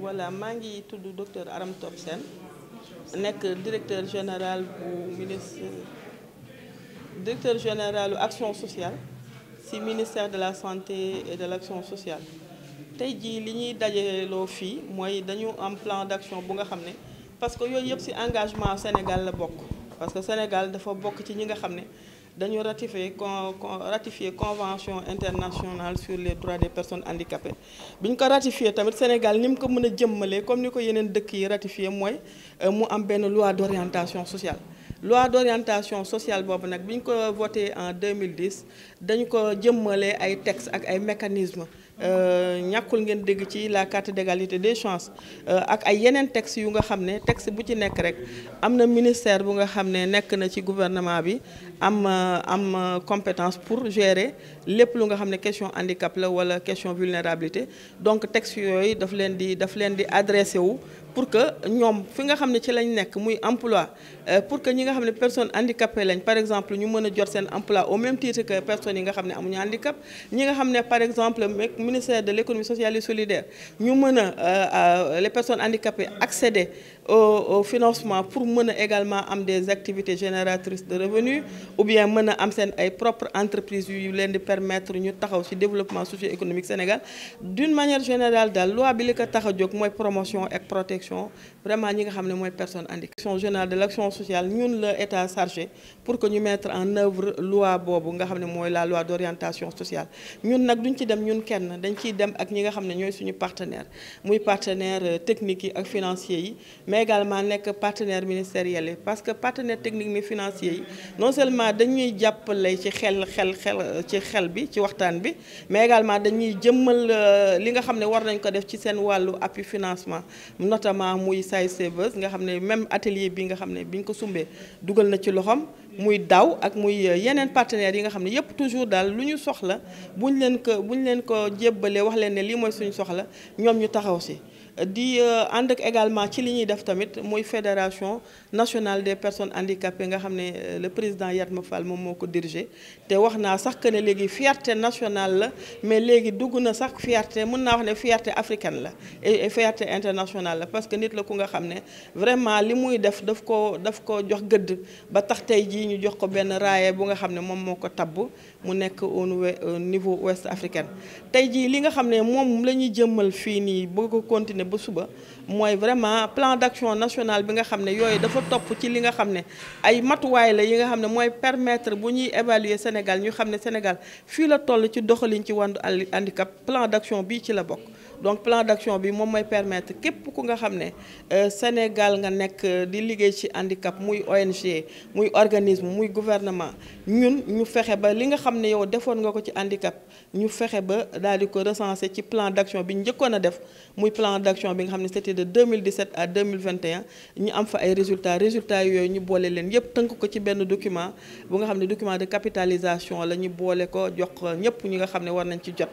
voilà maa ngi tudd docteur Aram Top Sène nekk directeur général bu ministre directeur général action sociale ci ministère de la santé et de l'action sociale tey jii li ñuy dajeloo fii mooy dañu am plan d'action bu nga xam ne parce que yooyu yëpp ci engagement Sénégal la bokk parce que Sénégal dafa bokk ci ñi nga xam ne dañu ratifier con ratifier convention internationale sur les droits des personnes handicapées bi ñu ko ratifier tamit Sénégal ni mu ko mën a jëmmalee comme ni ko yeneen dëkk yi ratifier mooy euh, mu am benn loi d'orientation sociale. loi d'orientation sociale boobu nag bi ñu ko voté en 2010 dañu ko jëmmalee ay textes ak ay mécanismes. Euh, ñàkkul ngeen dégg ci la carte d'égalité des chances euh, ak ay yeneen texte yu nga xam ne texte bu ci nekk rek am na ministère bu nga xam ne nekk na ci gouvernement bi am euh, am compétence pour gérer lépp lu nga xam ne question handicap la wala question vulnérabilité donc texte yooyu daf leen di daf leen di adressé wu pour que ñoom fi nga xam ne ci lañ nekk muy emploi pour que ñi nga xam ne personne handicapée lañ par exemple ñu mën a jot seen emploi au même titre que personnes yi nga xam ne amuñu handicap ñi xam ne par exemple ministère de l'économie sociale et solidaire ñu mën a euh, les personnes handicapées accéder au financement pour mën a également am des activités génératrices de revenus ou bien mën a am seen ay propres entreprises yu leen di permettre ñu taxaw ci développement socio-économique Sénégal d'une manière générale daal loi bi li ko tax a jóg mooy promotion ak protection vraiment ñi nga xam ne mooy personne handicapée. direction générale de l'action sociale ñun la état chargé pour que ñu mettre en œuvre loi boobu nga xam ne mooy la loi d'orientation sociale ñun nag duñ dañ ciy dem ak ñi nga xam ne ñooy suñu partenaire muy partenaire euh, technique yi ak financier yi mais nekk partenaire ministériel yi parce que partenaire technique mi financier yi non seulement dañuy jàppale ci xel xel xel euh, ci xel bi ci waxtaan bi mais dañuy jëmmal euh, li nga xam ne war nañ ko def ci seen wàllu appui financement notamment muy Say Savers nga xam ne même atelier bi nga xam ne biñ ko sumbee dugal na ci loxoom muy daw ak muy euh, yeneen partenaires yi nga xam ne yëpp toujours daal lu ñu soxla bu ñu leen ko ñu leen ko jébbale wax leen ne lii mooy suñu soxla ñoom ñu taxaw si di euh, ànd ak également ci li ñuy def tamit mooy fédération nationale des personnes handicapées nga xam ne euh, le président Yatma Fall moom moo ko dirigé te wax naa sax que ne léegi fierte nationale la mais léegi dugg na sax fierté mun naa wax ne fierté africaine la et fierté internationale la parce que nit la ku nga xam ne vraiment li muy def daf ko daf ko jox gëdd ba tax tey jii ñu jox ko benn raaye bu nga xam ne moom moo ko tabb mu nekk au euh, niveau ouest africaine tey jii nii bëgg ko ba suba mooy vraiment plan d'action national bi nga xam ne yooyu dafa topp ci li nga xam ne ay matuwaay la yi nga xam ne mooy permettre bu ñuy évaluer Sénégal ñu xam ne Sénégal fii la toll ci doxalin ci wàllu handicap plan d'action bii ci la bokk donc plan d'action bi moom mooy permettre képp ku nga xam ne euh, Sénégal nga nekk euh, di liggéey ci handicap muy ONG muy organisme muy gouvernement ñun ñu fexe ba li nga xam ne yow defoon nga ko ci handicap ñu fexe ba daal di ko recenser ci plan d'action bi njëkkoon a def muy plan d'action bi nga xam ne c'était de 2017 à 2021 ñu am fa ay résultats résultats yooyu ñu boole leen yépp tënk ko ci benn document bu nga xam ne document de capitalisation la ñu boole ko jox ñépp ñi nga xam ne war nañ ci jot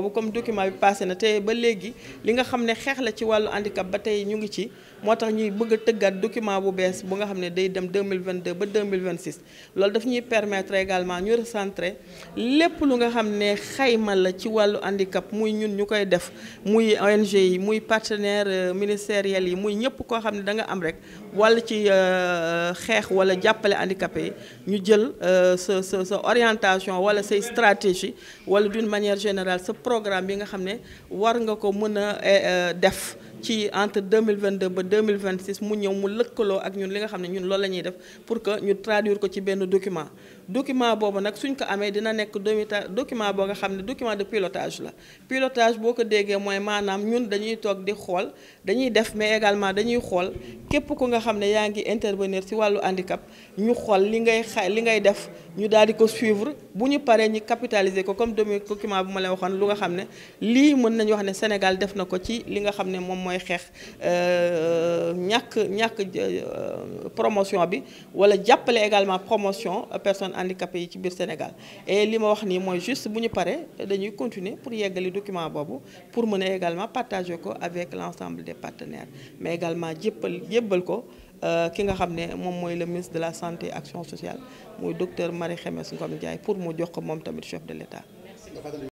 boobu comme document bi passé na te ba léegi li nga xam ne xeex la ci wàllu handicap ba tey ñu ngi ci moo tax ñuy bëgg a tëggaat document bu bees bu nga xam ne day dem 2022 ba 2026 loolu daf ñuy permettre également ñu recentrer lépp lu nga xam ne xayma la ci wàllu handicap muy ñun ñu koy def muy ONG yi muy partenaire euh, ministériels yi muy ñëpp koo xam ne da nga am rek wàll ci euh, xeex wala jàppale handicapé yi ñu jël euh, sa sa orientation wala say stratégie wala d'une manière générale programme bi nga xam ne war nga ko mën a eh, eh, def ci entre 2022 ba 2026 mu ñëw mu lëkkaloo ak ñun li nga xam ne ñun loolu la ñuy def pour que ñu traduire ko ci benn document document boobu nag suñ ko amee dina nekk document boo nga xam ne document de pilotage la pilotage boo ko déggee mooy maanaam ñun dañuy toog di xool dañuy def mais également dañuy xool képp ku nga xam ne yaa ngi intervenir ci wàllu handicap ñu xool li ngay xa li ngay def ñu daal di ko suivre bu ñu paree ñu capitaliser ko comme document bu ma la waxoon lu nga xam ne lii mën nañu wax ne Sénégal def na ko ci li nga xam ne moom mooy xeex euh, ñàkk ñàkk euh, promotion bi wala jàppale également promotion personne handicapées yi ci biir Sénégal et li ma wax nii mooy juste bu ñu paree dañuy continuer pour yeggali document boobu pour mën a également partager ko avec l'ensemble de partenaires mais également jébbal jébbal ko euh, ki nga xam ne moom mooy le ministre de la santé action sociale muy docteur Marie Khemesse Ngom Ndiaye pour mu jox ko moom tamit chef de l'État